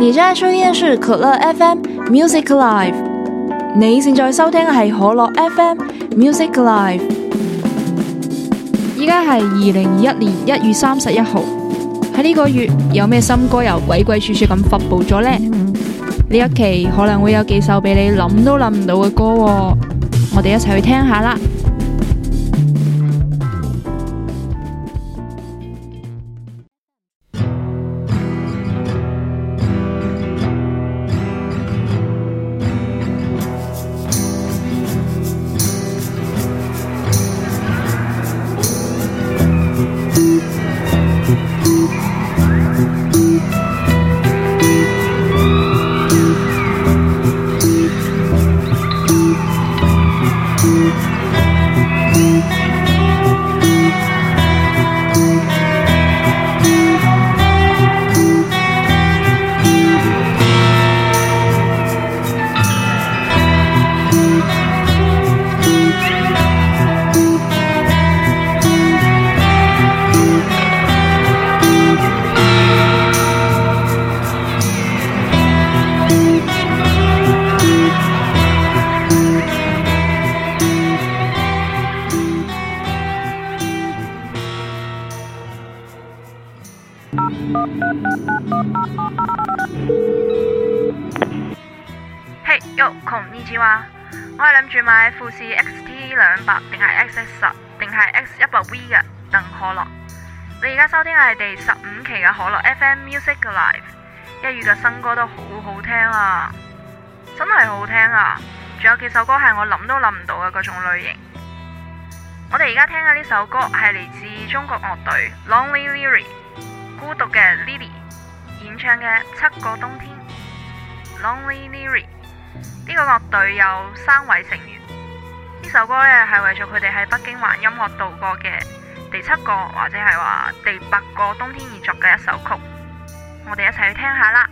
你現在收聽嘅是可樂 FM Music Live，你現在收聽嘅係可樂 FM Music Live。依家係二零二一年一月三十一號，喺呢個月有咩新歌又鬼鬼祟祟咁發佈咗呢？呢、mm hmm. 一期可能會有幾首俾你諗都諗唔到嘅歌，哦，我哋一齊去聽下啦。我可以諗住買富士 X T 兩百，定係 X S 十，定係 X 一百 V 嘅鄧可樂。你而家收聽嘅係第十五期嘅可樂 FM Music Live，一月嘅新歌都好好聽啊，真係好聽啊！仲有幾首歌係我諗都諗唔到嘅嗰種類型。我哋而家聽嘅呢首歌係嚟自中國樂隊 Lonely Liri，孤獨嘅 Liri 演唱嘅七個冬天。Lonely Liri。呢個樂隊有三位成員，呢首歌呢係為咗佢哋喺北京玩音樂度過嘅第七個或者係話第八個冬天而作嘅一首曲，我哋一齊去聽下啦。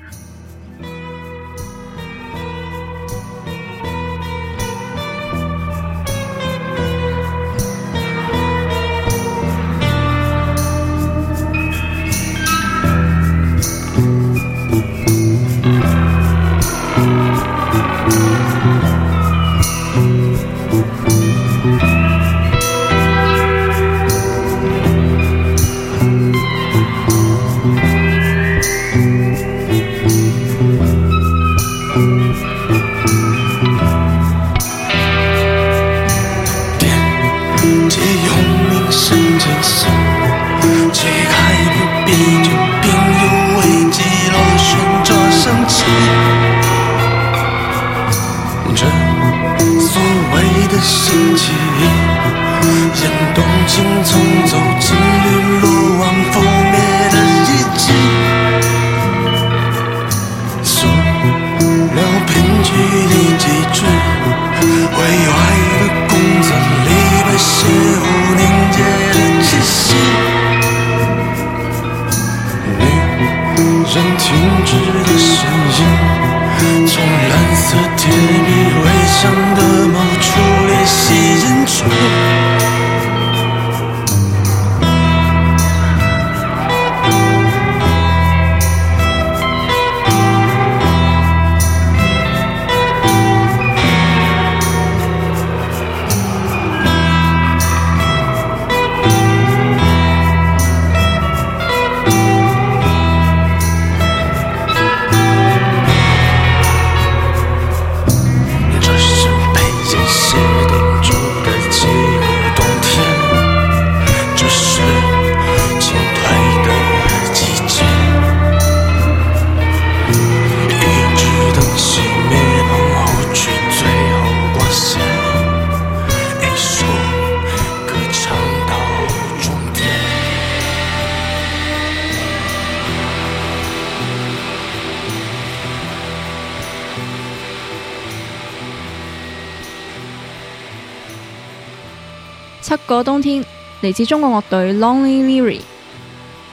個冬天，嚟自中國樂隊 Lonely Leary，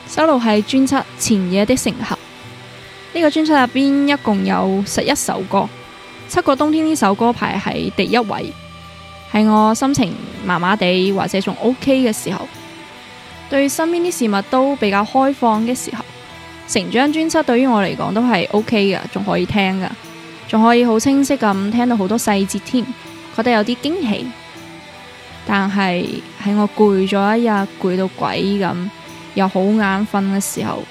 收錄喺專輯《前夜的乘客》呢、這個專輯入邊，一共有十一首歌，《七個冬天》呢首歌排喺第一位，係我心情麻麻地或者仲 OK 嘅時候，對身邊啲事物都比較開放嘅時候，成張專輯對於我嚟講都係 OK 嘅，仲可以聽噶，仲可以好清晰咁聽到好多細節，添覺得有啲驚喜。但係喺我攰咗一日，攰到鬼咁，又好眼瞓嘅時候，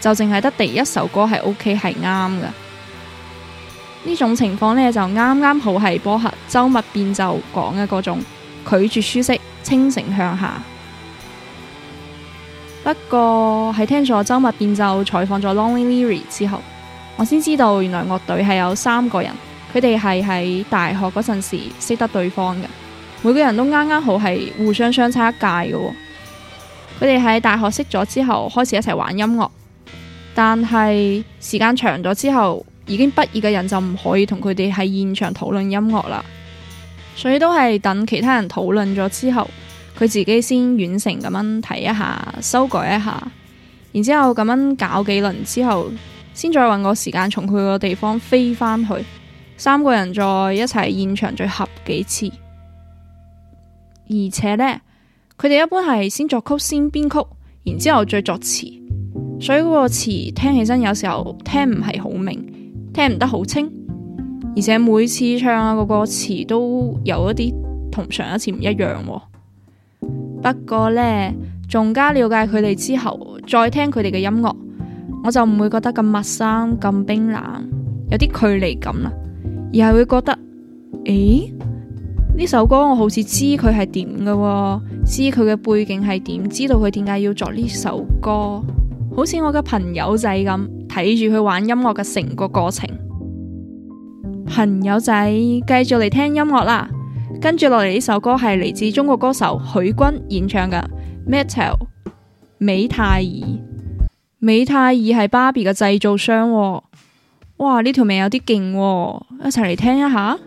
就淨係得第一首歌係 O K 係啱嘅。呢種情況呢，就啱啱好係波客周密變奏講嘅嗰種拒絕舒適，清醒向下。不過喺聽咗周密變奏採訪咗 Lonely Leary 之後，我先知道原來樂隊係有三個人，佢哋係喺大學嗰陣時識得對方嘅。每個人都啱啱好係互相相差一屆嘅。哦，佢哋喺大學識咗之後開始一齊玩音樂，但係時間長咗之後，已經畢業嘅人就唔可以同佢哋喺現場討論音樂啦。所以都係等其他人討論咗之後，佢自己先遠程咁樣睇一下，修改一下，然之後咁樣搞幾輪之後，先再搵個時間從佢個地方飛返去，三個人再一齊現場再合幾次。而且呢，佢哋一般係先作曲，先編曲，然之後再作詞，所以嗰個詞聽起身有時候聽唔係好明，聽唔得好清，而且每次唱啊個歌詞都有一啲同上一次唔一樣、哦。不過呢，仲加了解佢哋之後，再聽佢哋嘅音樂，我就唔會覺得咁陌生、咁冰冷，有啲距離感啦，而係會覺得，誒、欸。呢首歌我好似知佢係點嘅，知佢嘅背景係點，知道佢點解要作呢首歌，好似我嘅朋友仔咁睇住佢玩音樂嘅成個過程。朋友仔，繼續嚟聽音樂啦！跟住落嚟呢首歌係嚟自中國歌手許，許鈞演唱嘅《 METTEL 美泰爾》。美泰爾係芭比嘅製造商、哦。哇！呢條名有啲勁、哦，一齊嚟聽一下。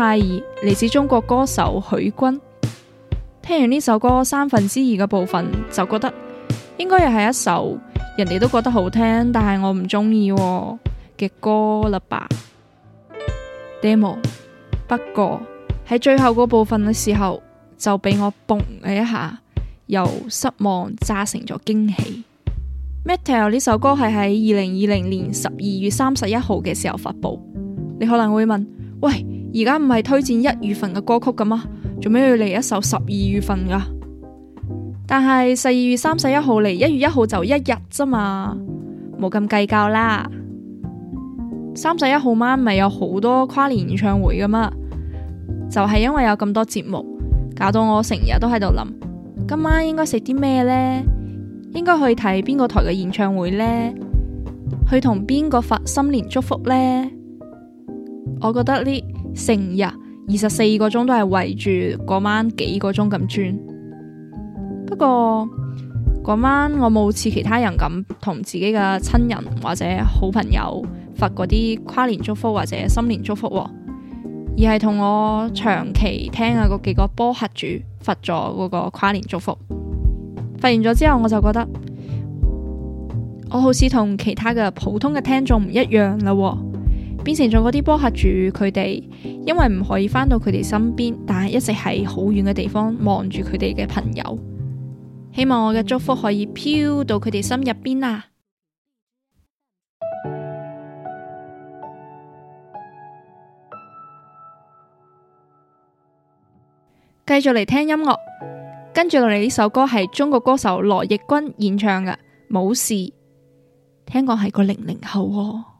太易嚟自中國歌手許鈞。聽完呢首歌三分之二嘅部分，就覺得應該又係一首人哋都覺得好聽，但係我唔中意嘅歌啦吧。Demo 不過喺最後嗰部分嘅時候就俾我嘣咗一下，由失望炸成咗驚喜。METTEL 呢首歌係喺二零二零年十二月三十一號嘅時候發佈。你可能會問，喂？而家唔係推薦一月份嘅歌曲噶嘛，做咩要嚟一首十二月份噶？但係十二月三十一號嚟，一月一號就一日咋嘛，冇咁計較啦。三十一號晚咪有好多跨年演唱會噶嘛，就係因為有咁多節目，搞到我成日都喺度諗，今晚應該食啲咩呢？應該去睇邊個台嘅演唱會呢？去同邊個發新年祝福呢？我覺得呢。成日二十四個鐘都係圍住嗰晚幾個鐘咁轉，不過嗰晚我冇似其他人咁同自己嘅親人或者好朋友發嗰啲跨年祝福或者新年祝福，哦，而係同我長期聽嘅嗰幾個波客主發咗嗰個跨年祝福。發完咗之後，我就覺得我好似同其他嘅普通嘅聽眾唔一樣嘞，哦。變成咗嗰啲波客住佢哋，因為唔可以返到佢哋身邊，但係一直喺好遠嘅地方望住佢哋嘅朋友，希望我嘅祝福可以飄到佢哋心入邊啊！繼 續嚟聽音樂，跟住落嚟呢首歌係中國歌手羅奕鈞演唱嘅《冇事》，聽講係個零零後喎。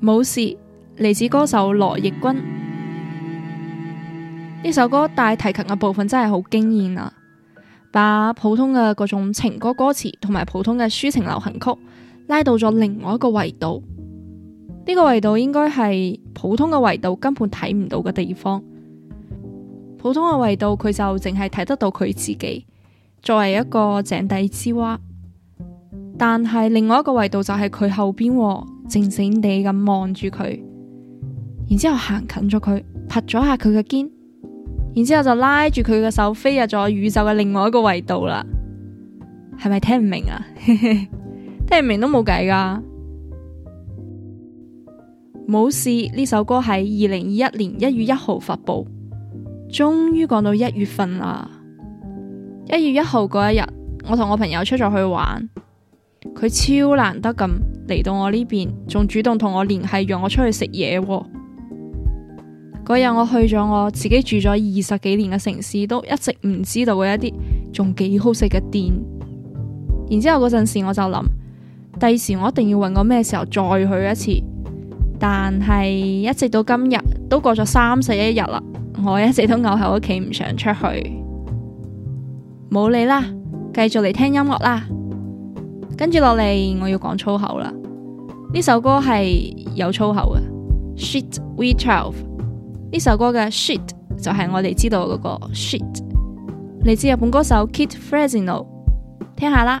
冇事，嚟自歌手羅奕鈞呢首歌，帶提琴嘅部分真係好驚艷啊！把普通嘅各種情歌歌詞同埋普通嘅抒情流行曲拉到咗另外一個維度。呢個維度應該係普通嘅維度，根本睇唔到嘅地方。普通嘅維度佢就淨係睇得到佢自己，作為一個井底之蛙。但係另外一個維度就係佢後邊，哦，靜靜地咁望住佢，然之後行近咗佢，拍咗下佢嘅肩，然之後就拉住佢嘅手飛入咗宇宙嘅另外一個維度啦。係咪聽唔明啊？ 聽唔明都冇計噶。冇事，呢首歌喺二零二一年一月一號發佈，終於講到一月份啦。一月一號嗰一日，我同我朋友出咗去玩，佢超難得咁嚟到我呢邊，仲主動同我聯繫，約我出去食嘢。嗰日我去咗我自己住咗二十幾年嘅城市，都一直唔知道嘅一啲仲幾好食嘅店。然之後嗰陣時我就諗，第時我一定要揾個咩時候再去一次。但係一直到今日都過咗三十一日啦，我一直都咬喺屋企唔想出去，冇理啦，繼續嚟聽音樂啦。跟住落嚟我要講粗口啦，呢首歌係有粗口嘅。shit, V12 呢首歌嘅 shit 就係我哋知道嗰個 shit，嚟自日本歌手 KID FRESINO，聽下啦。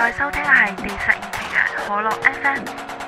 正在收聽係第十二期嘅可樂 FM。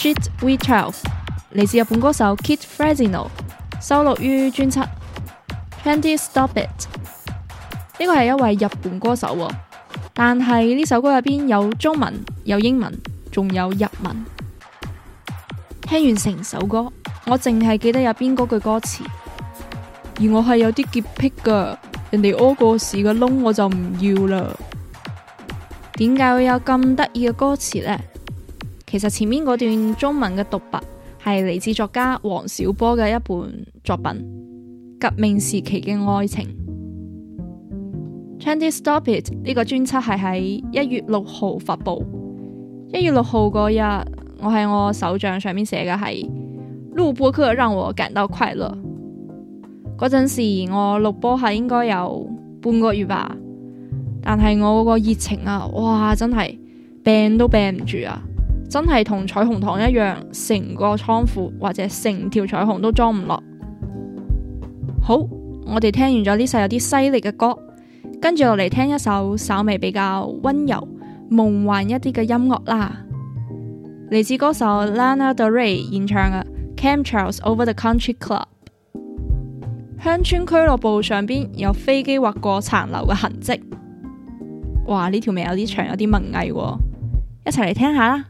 Shit, V12，嚟自日本歌手 KID FRESINO，收錄於專輯《Twenty Stop It》。呢個係一位日本歌手喎，但係呢首歌入邊有中文、有英文，仲有日文。聽完成首歌，我淨係記得入邊嗰句歌詞，而我係有啲潔癖噶，人哋屙過屎嗰窿我就唔要啦。點解會有咁得意嘅歌詞呢？其實前面嗰段中文嘅獨白係嚟自作家王小波嘅一本作品《革命時期嘅愛情》。c h a n t y Stop It 呢，這個專輯係喺一月六號發布。一月六號嗰日，我喺我手掌上面寫嘅係錄播客讓我感到快樂。嗰陣時我錄播客應該有半個月吧，但係我嗰個熱情啊，哇，真係病都病唔住啊！真係同彩虹糖一樣，成個倉庫或者成條彩虹都裝唔落。好，我哋聽完咗呢首有啲犀利嘅歌，跟住落嚟聽一首稍微比較溫柔、夢幻一啲嘅音樂啦。嚟自歌手 Lana Del Rey 演唱嘅《Chemtrails Over The Country Club》。鄉村俱樂部上邊有飛機劃過殘留嘅痕跡。哇，呢條名有啲長，有啲文藝喎，一齊嚟聽下啦。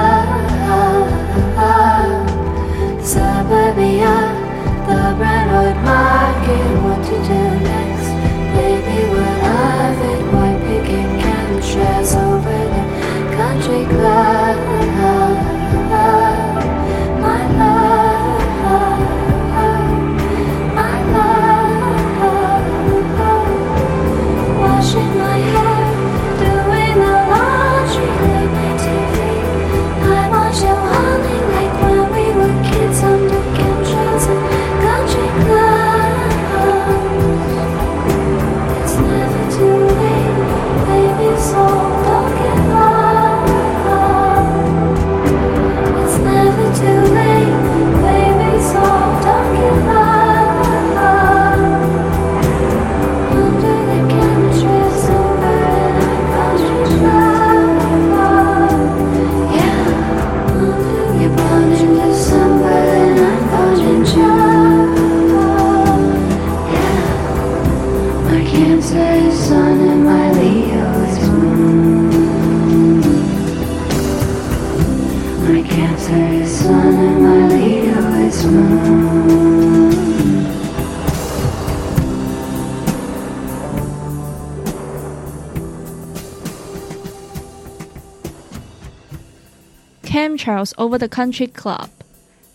Chemtrails Over the Country Club，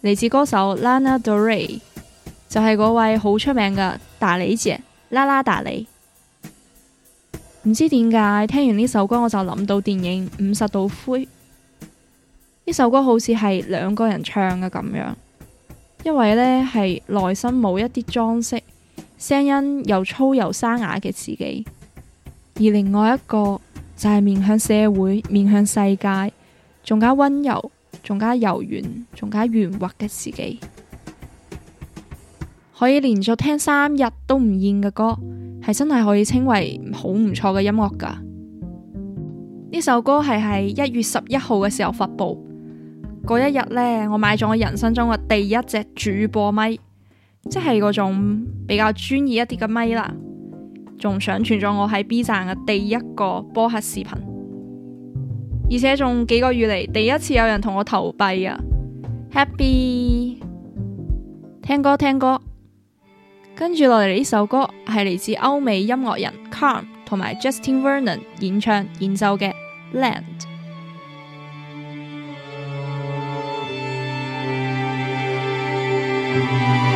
嚟自歌手 Lana Del Rey，就係嗰位好出名嘅達利姐，啦啦達利。唔知點解聽完呢首歌我就諗到電影《五十度灰》，呢首歌好似係兩個人唱嘅咁樣，一位呢係內心冇一啲裝飾，聲音又粗又沙啞嘅自己，而另外一個就係、是、面向社會、面向世界，仲加溫柔。仲加柔軟，仲加圓滑嘅自己，可以連續聽三日都唔厭嘅歌，係真係可以稱為好唔錯嘅音樂噶。呢首歌係喺一月十一號嘅時候發布，嗰一日呢，我買咗我人生中嘅第一隻主播咪，即係嗰種比較專業一啲嘅咪啦，仲上傳咗我喺 B 站嘅第一個播客視頻。而且仲幾個月嚟，第一次有人同我投幣啊！Happy，聽歌聽歌，跟住落嚟呢首歌係嚟自歐美音樂人 CARM 同埋 Justin Vernon 演唱演奏嘅《Land。》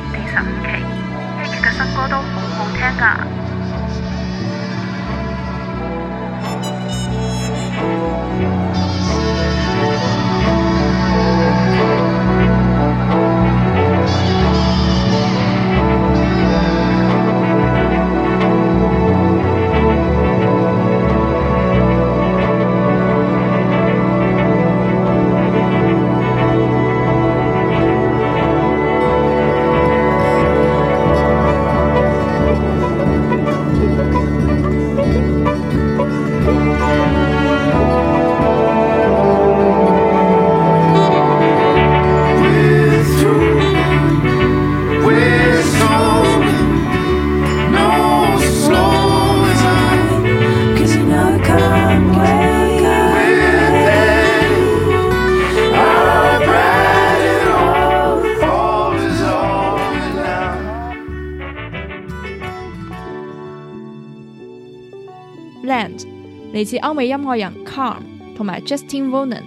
嚟自歐美音樂人 Carm 同埋 Justin Vernon，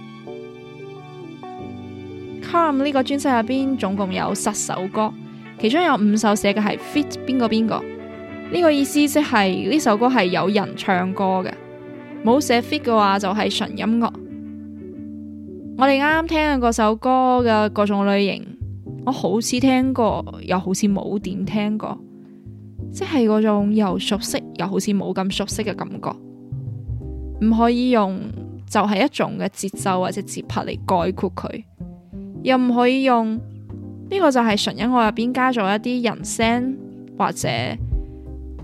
Carm 呢個專輯入邊總共有十首歌，其中有五首寫嘅係 Fit 邊個邊個呢個意思，即係呢首歌係有人唱歌嘅，冇寫 Fit 嘅話就係純音樂。我哋啱啱聽嘅嗰首歌嘅各種類型，我好似聽過又好似冇點聽過，即係嗰種又熟悉又好似冇咁熟悉嘅感覺。唔可以用就係一種嘅節奏或者節拍嚟概括佢，又唔可以用呢個就係純音樂入邊加咗一啲人聲，或者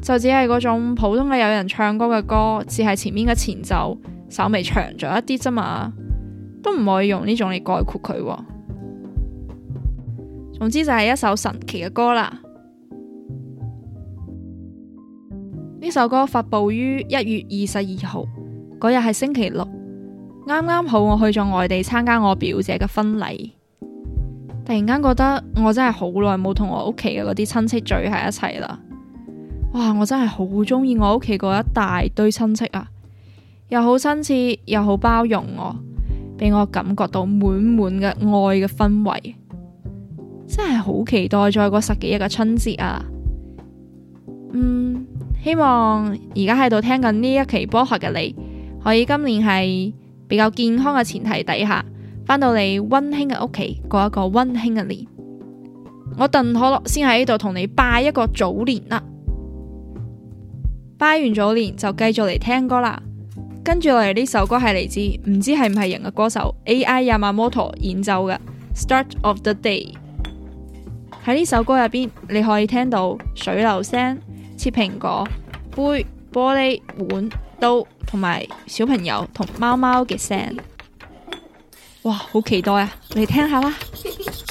就只係嗰種普通嘅有人唱歌嘅歌，只係前面嘅前奏稍微長咗一啲咋嘛，都唔可以用呢種嚟概括佢。總之就係一首神奇嘅歌啦。呢首歌發布於一月二十二號。嗰日係星期六，啱啱好我去咗外地參加我表姐嘅婚禮。突然間覺得我真係好耐冇同我屋企嘅嗰啲親戚聚喺一齊啦。哇！我真係好中意我屋企嗰一大堆親戚啊，又好親切，又好包容我，啊，俾我感覺到滿滿嘅愛嘅氛圍。真係好期待再過十幾日嘅春節啊！嗯，希望而家喺度聽緊呢一期波客嘅你。可以今年係比較健康嘅前提底下，返到你溫馨嘅屋企過一個溫馨嘅年。我鄧可樂先喺呢度同你拜一個早年啦，拜完早年就繼續嚟聽歌啦。跟住落嚟呢首歌係嚟自唔知係唔係人嘅歌手 AI Yamamoto 演奏嘅《Start of the Day》。喺呢首歌入邊，你可以聽到水流聲、切蘋果、杯、玻璃、碗。都同埋小朋友同貓貓嘅聲，哇，好期待啊！嚟聽下啦～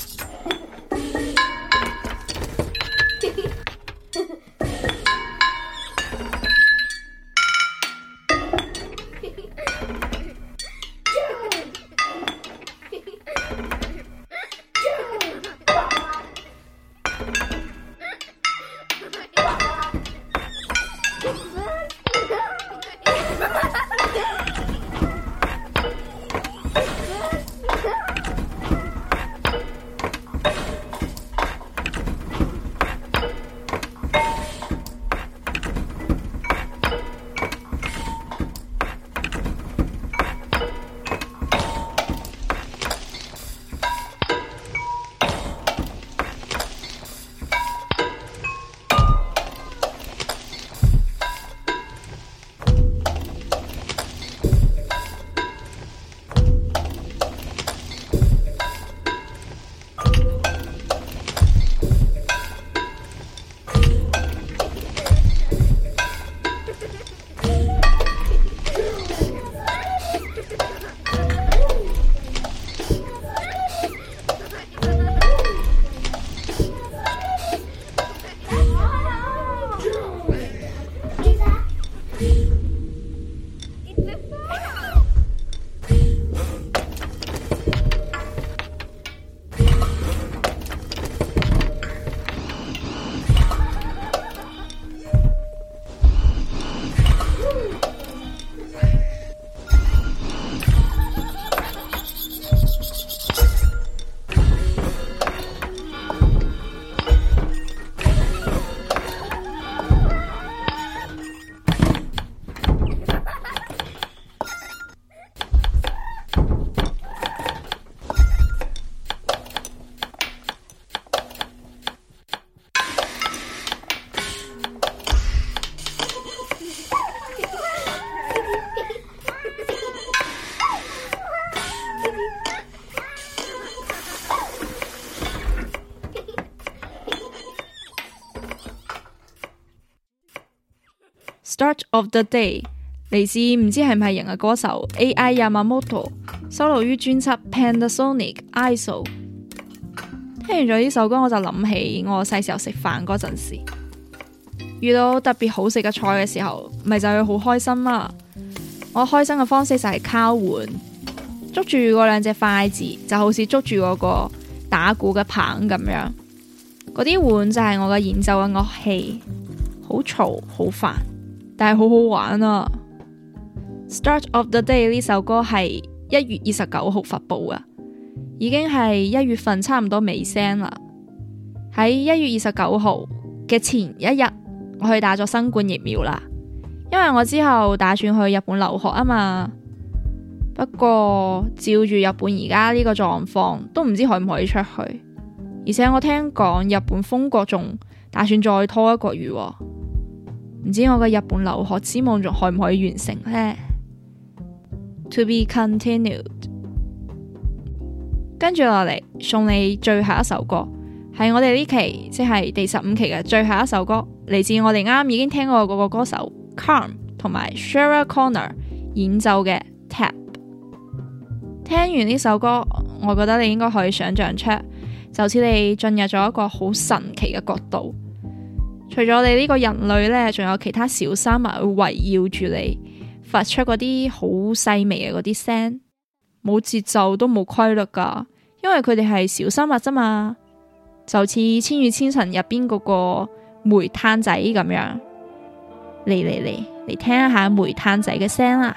Of the day 嚟自唔知係唔係人嘅歌手 Ai Yamamoto，收錄於專輯 Pandasonic ISO。聽完咗呢首歌，我就諗起我細時候食飯嗰陣時，遇到特別好食嘅菜嘅時候，咪就會好開心啦。我開心嘅方式就係敲碗，捉住嗰兩隻筷子，就好似捉住嗰個打鼓嘅棒咁樣。嗰啲碗就係我嘅演奏嘅樂器，好嘈好煩。但係好好玩啊！Start of the Day 呢首歌係一月二十九號發布啊，已經係一月份差唔多尾聲啦。喺一月二十九號嘅前一日，我去打咗新冠疫苗啦，因為我之後打算去日本留學啊嘛。不過照住日本而家呢個狀況，都唔知可唔可以出去。而且我聽講日本封國仲打算再拖一個月啊。唔知我嘅日本留學之夢仲可唔可以完成呢？To be continued 跟。跟住落嚟送你最後一首歌，係我哋呢期即係、就是、第十五期嘅最後一首歌，嚟自我哋啱啱已經聽過嗰個歌手 CARM 同埋 Shara Connor 演奏嘅 Tapp。聽完呢首歌，我覺得你應該可以想象出，就似你進入咗一個好神奇嘅國度。除咗你呢個人類呢，仲有其他小生物會圍繞住你，發出嗰啲好細微嘅嗰啲聲，冇節奏都冇規律噶，因為佢哋係小生物咋嘛，就似《千與千尋》入邊嗰個煤炭仔咁樣，嚟嚟嚟，嚟聽一下煤炭仔嘅聲啦。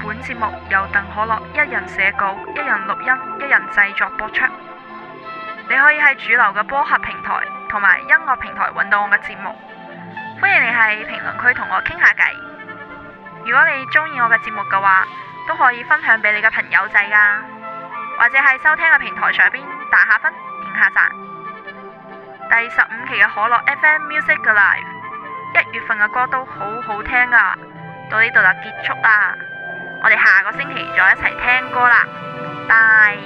本節目由鄧可樂一人寫稿、一人錄音、一人製作播出。你可以喺主流嘅播客平台同埋音樂平台揾到我嘅節目。歡迎你喺評論區同我傾下偈。如果你中意我嘅節目嘅話，都可以分享俾你嘅朋友仔噶，或者喺收聽嘅平台上邊打下分、點下讚。第十五期嘅可樂 FM Music Live。一月份嘅歌都好好聽啊，到呢度就結束啦。我哋下個星期再一齊聽歌啦，拜。